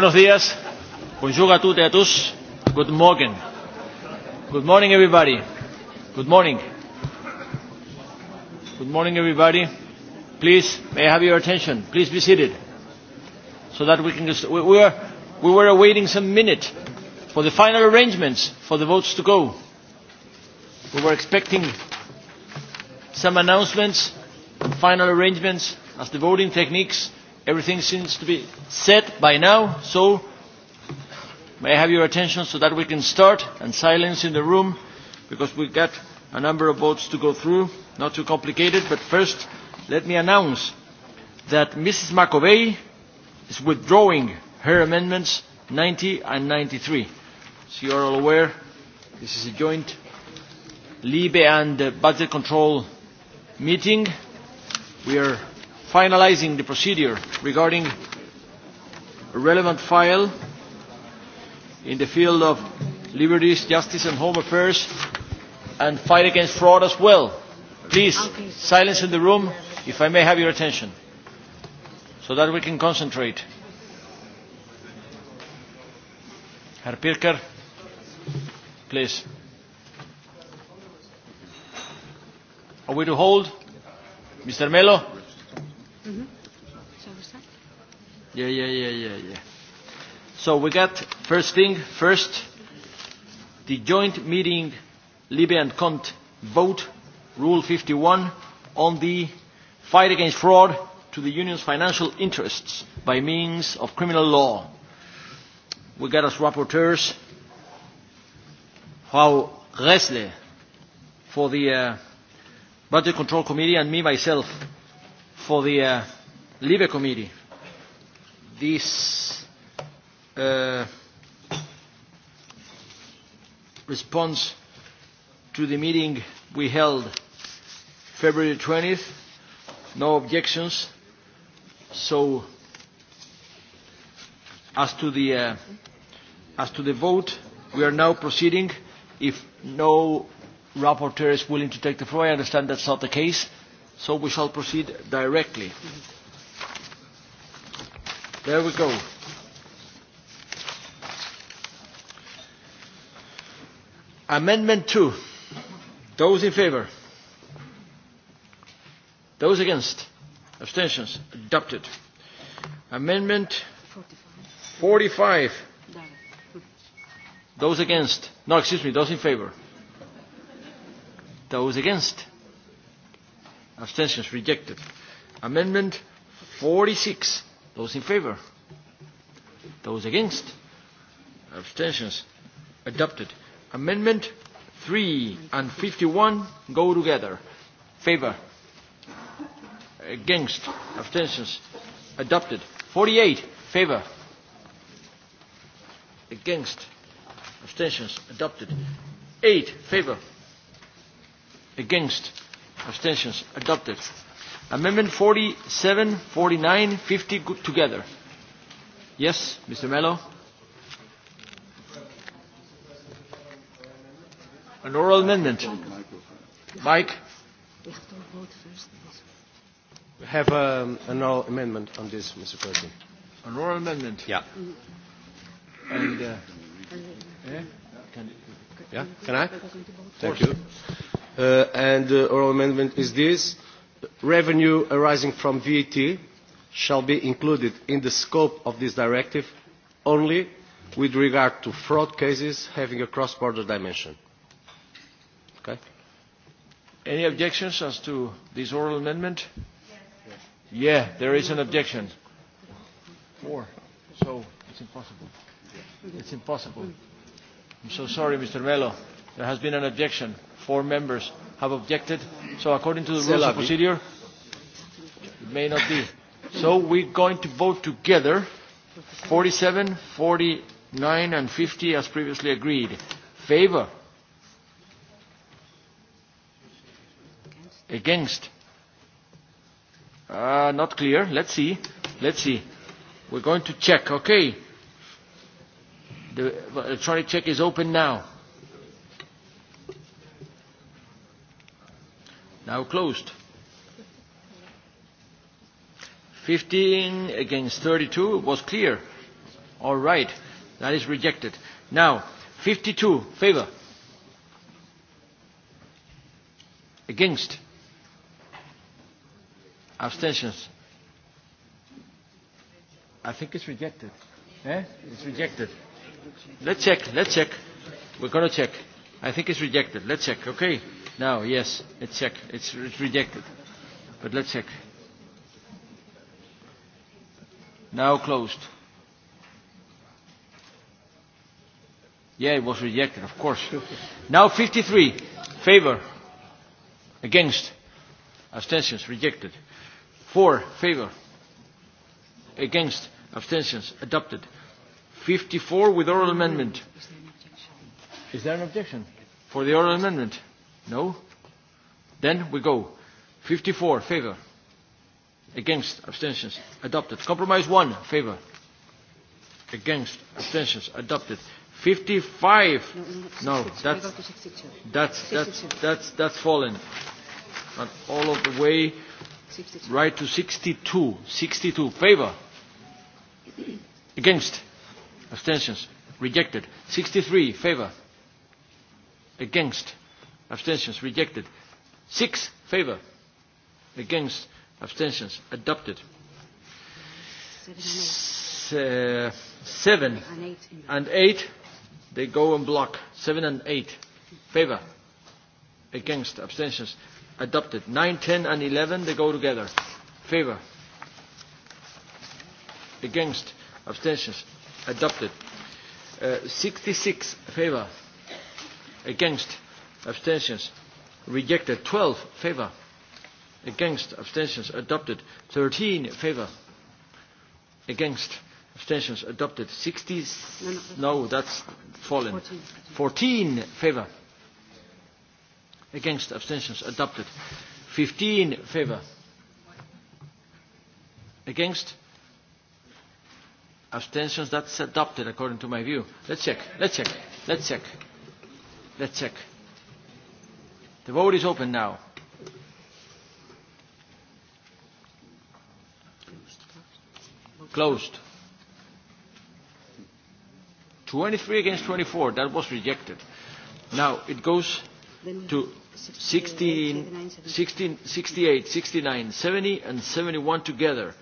Buenos días. toutes et à tous. Good morning. Good morning, everybody. Good morning. Good morning, everybody. Please, may I have your attention? Please be seated. So that we can just, we, we, were, we were awaiting some minute for the final arrangements for the votes to go. We were expecting some announcements, final arrangements as the voting techniques Everything seems to be set by now, so may I have your attention so that we can start and silence in the room because we've got a number of votes to go through, not too complicated, but first let me announce that Mrs. mcovey is withdrawing her amendments 90 and 93. So you are all aware, this is a joint LIBE and Budget Control meeting. We are finalising the procedure regarding a relevant file in the field of liberties, justice and home affairs and fight against fraud as well. Please, silence in the room, if I may have your attention, so that we can concentrate. Herr Pirker, please. Are we to hold? Mr. Melo? Mm-hmm. Yeah, yeah, yeah, yeah, yeah. So we got first thing first, the joint meeting, Libya and Cont vote, Rule 51, on the fight against fraud to the Union's financial interests by means of criminal law. We got as rapporteurs Frau Gressle for the uh, Budget Control Committee and me myself for the uh, Libe Committee this uh, response to the meeting we held February 20th. No objections. So as to the uh, as to the vote, we are now proceeding. If no rapporteur is willing to take the floor, I understand that's not the case so we shall proceed directly. There we go. Amendment 2. Those in favour? Those against? Abstentions? Adopted. Amendment 45. 45. Those against? No, excuse me, those in favour. Those against? Abstentions rejected. Amendment 46. Those in favor? Those against? Abstentions adopted. Amendment 3 and 51 go together. Favor? Against? Abstentions adopted. 48. Favor? Against? Abstentions adopted. 8. Favor? Against? abstentions adopted amendment 47 49 50 good together yes mr mello an oral amendment mike we have we have um, an oral amendment on this mr president an oral amendment yeah mm. and uh, yeah? Eh? Can, yeah can i thank you Uh, and the uh, oral amendment is this. Revenue arising from VAT e shall be included in the scope of this directive only with regard to fraud cases having a cross-border dimension. Okay. Any objections as to this oral amendment? Yes. Yeah, there is an objection. Four. So it's impossible. It's impossible. I'm so sorry, Mr. Melo. There has been an objection four members have objected. So according to the rules of procedure, it may not be. So we're going to vote together 47, 49 and 50 as previously agreed. Favor? Against? Uh, not clear. Let's see. Let's see. We're going to check. Okay. The electronic check is open now. Now closed. 15 against 32 was clear. All right. That is rejected. Now, 52, favor. Against. Abstentions. I think it's rejected. Eh? It's rejected. Let's check. Let's check. We're going to check. I think it's rejected. Let's check. Okay. No, yes, it's check. It's, it's rejected. But let's check. Now closed. Yeah, it was rejected, of course. now 53. Favor. Against. Abstentions. Rejected. Four Favor. Against. Abstentions. Adopted. 54 with oral amendment. Is there an objection? For the oral amendment? No? Then we go. 54, favor. Against, abstentions, adopted. Compromise 1, favor. Against, abstentions, adopted. 55. No, no that's, that's, that's, that's, that's fallen. but all of the way. Right to 62. 62, favor. Against, abstentions, rejected. 63, favor. Against, abstentions rejected six favor against abstentions adopted seven, uh, seven and, eight. they go in block seven and eight favor against abstentions adopted nine ten and eleven they go together favor against abstentions adopted uh, 66 favor against abstentions rejected 12 favor against abstentions adopted 13 favor against abstentions adopted 60 no, no. no that's fallen 14 favor against abstentions adopted 15 favor against abstentions that's adopted according to my view let's check let's check let's check let's check The vote is open now. Closed. 23 against 24. That was rejected. Now it goes to 16, 16, 68, 69, 70 and 71 together.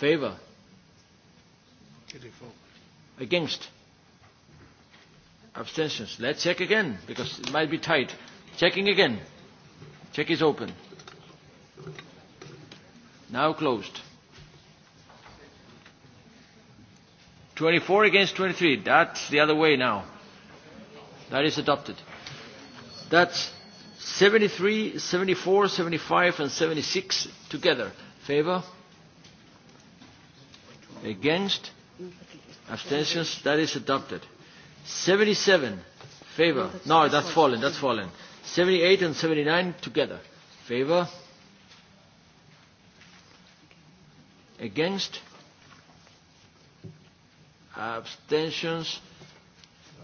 Favor? Against? Abstentions. Let's check again because it might be tight. Checking again. Check is open. Now closed. 24 against 23. That's the other way now. That is adopted. That's 73, 74, 75, and 76 together. Favor? Against? Abstentions? That is adopted. 77. Favor? No, that's fallen. That's fallen. 78 and 79 together. Favor? Against? Abstentions?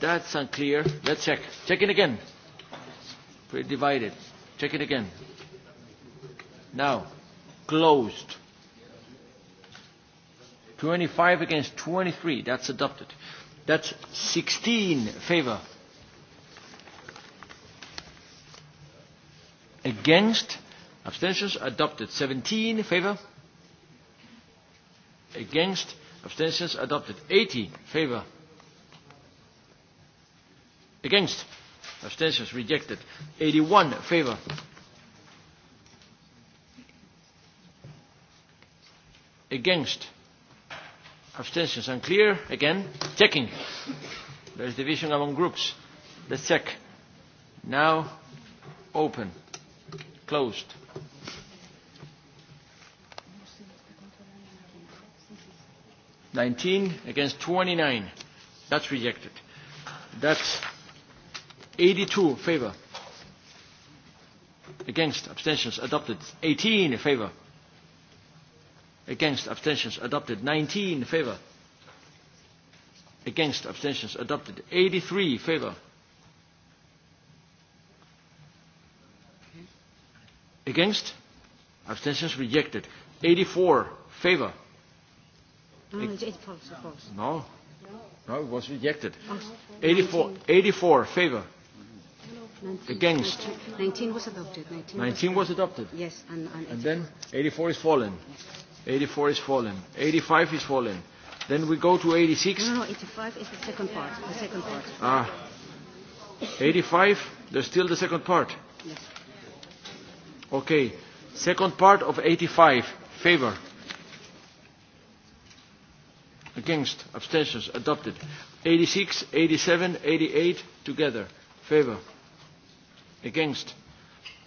That's unclear. Let's check. Check it again. Pretty divided. Check it again. Now, closed. 25 against 23. That's adopted. That's 16 favor. Against? Abstentions? Adopted. 17 in favor? Against? Abstentions? Adopted. 80 in favor? Against? Abstentions? Rejected. 81 in favor? Against? Abstentions? Unclear? Again? Checking. There's division among groups. Let's check. Now, open closed. Nineteen against twenty nine. That's rejected. That's eighty two favor. Against abstentions adopted. Eighteen in favor. Against abstentions adopted. Nineteen in favor. Against abstentions adopted. Eighty three favor. Against? Abstentions rejected. 84. Favor. Mm, it's false, false. No. No, it was rejected. 84. 84. Favor. 19, Against? 19 was adopted. 19, 19 was adopted. Yes. And, and, and then 84 is fallen. 84 is fallen. 85 is fallen. Then we go to 86. No, no, 85 no, is the second part. The second part. Ah. 85, there's still the second part. Yes. Okay. Second part of 85. Favor. Against. Abstentions. Adopted. 86, 87, 88 together. Favor. Against.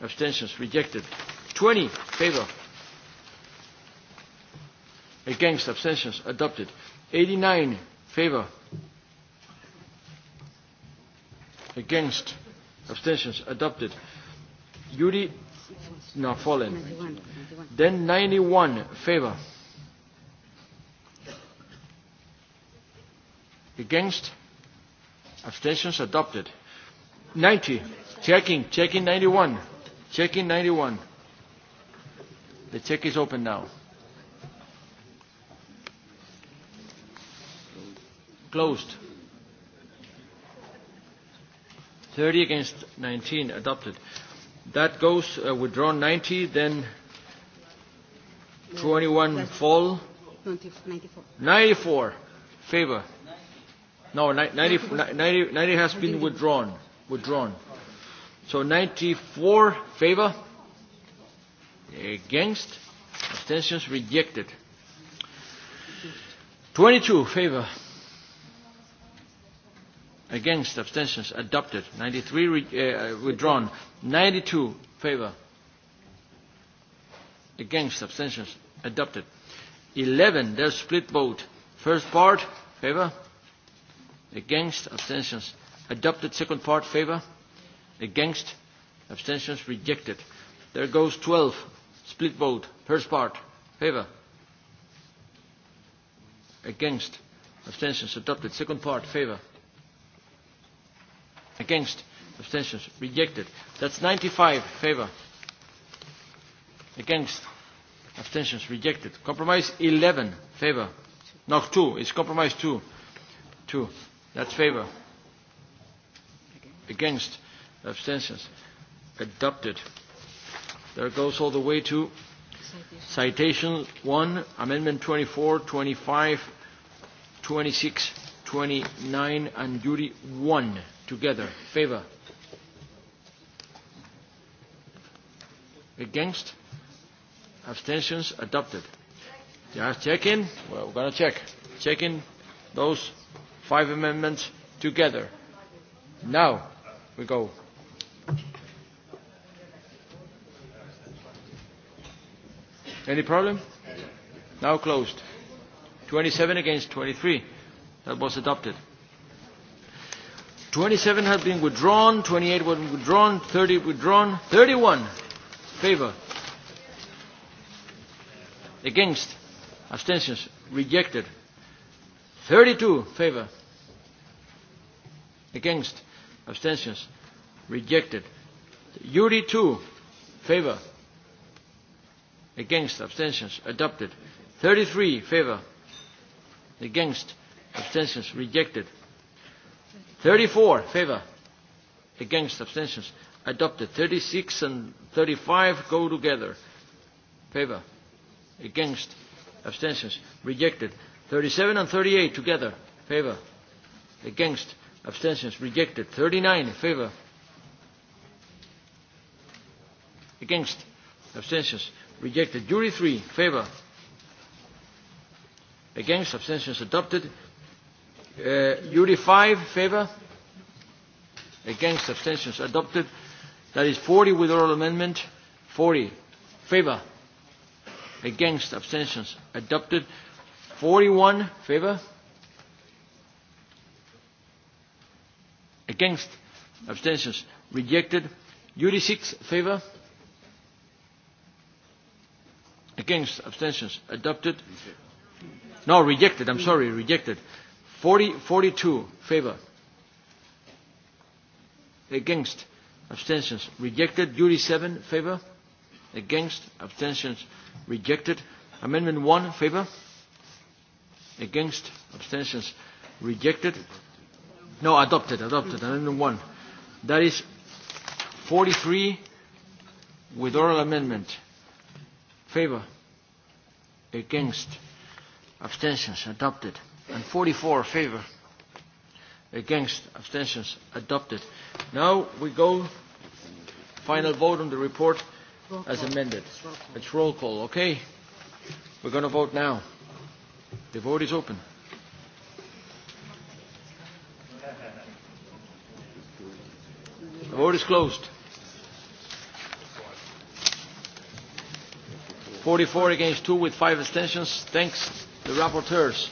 Abstentions. Rejected. 20. Favor. Against. Abstentions. Adopted. 89. Favor. Against. Abstentions. Adopted. Yuri No, fallen. 91. Then 91, favor. Against? Abstentions adopted. 90, checking, checking 91. Checking 91. The check is open now. Closed. 30 against 19, adopted. That goes uh, withdrawn 90, then 21 fall. 94. 94. Favor. No, 90, 90, 90 has been withdrawn. Withdrawn. So 94 favor. Against. Abstentions rejected. 22 favor against abstentions adopted 93 re, uh, withdrawn 92 favor against abstentions adopted 11 there's split vote first part favor against abstentions adopted second part favor against abstentions rejected there goes 12 split vote first part favor against abstentions adopted second part favor against abstentions rejected that's 95 favor against abstentions rejected compromise 11 favor no 2 it's compromise 2 2 that's favor against abstentions adopted there goes all the way to citation 1 amendment 24 25 26 29 and duty 1 together. Favor. Against? Abstentions? Adopted. Just checking. Well, we're going to check. Checking those five amendments together. Now we go. Any problem? Now closed. 27 against 23. That was adopted. 27 had been withdrawn, 28 were withdrawn, 30 withdrawn, 31 favor. Against. Abstentions. Rejected. 32 favor. Against. Abstentions. Rejected. UD 2 favor. Against. Abstentions. Adopted. 33 favor. Against. Abstentions. Rejected thirty 34, favour Against, abstentions. Adopted. thirty six and thirty five go together. favour Against, abstentions. Rejected. thirty seven and thirty eight together. favour Against, abstentions. Rejected. thirty 39, favour Against, abstentions. Rejected. Jury 3, favour Against, abstentions adopted. Uh, UD 5, favor? Against, abstentions adopted. That is 40 with oral amendment. 40, favor? Against, abstentions adopted. 41, favor? Against, abstentions rejected. UD 6, favor? Against, abstentions adopted. No, rejected, I'm sorry, rejected. 40, 42, favor. Against, abstentions rejected. Duty 7, favor. Against, abstentions rejected. Amendment 1, favor. Against, abstentions rejected. No, adopted, adopted. Amendment 1. That is 43 with oral amendment. Favor. Against. Abstentions. Adopted and 44 favor against abstentions adopted now we go final vote on the report as amended it's roll call okay we're going to vote now the vote is open the vote is closed 44 against 2 with 5 abstentions thanks the rapporteurs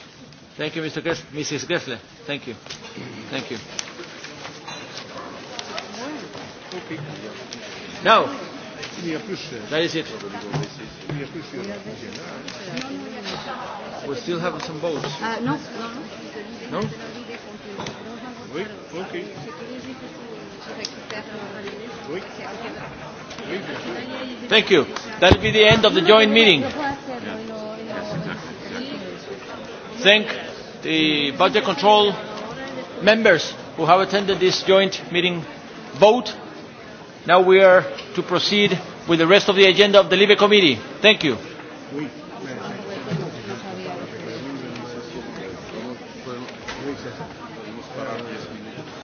Thank you, Mr. Gressler. Mrs. Gressler. Thank you. Thank you. Now, that is it. We still have some votes. Uh, no, no. Oui, ok. Thank you. That will be the end of the joint meeting. Yeah. Yes, Thank the budget control members who have attended this joint meeting vote. Now we are to proceed with the rest of the agenda of the Libre Committee. Thank you. Oui.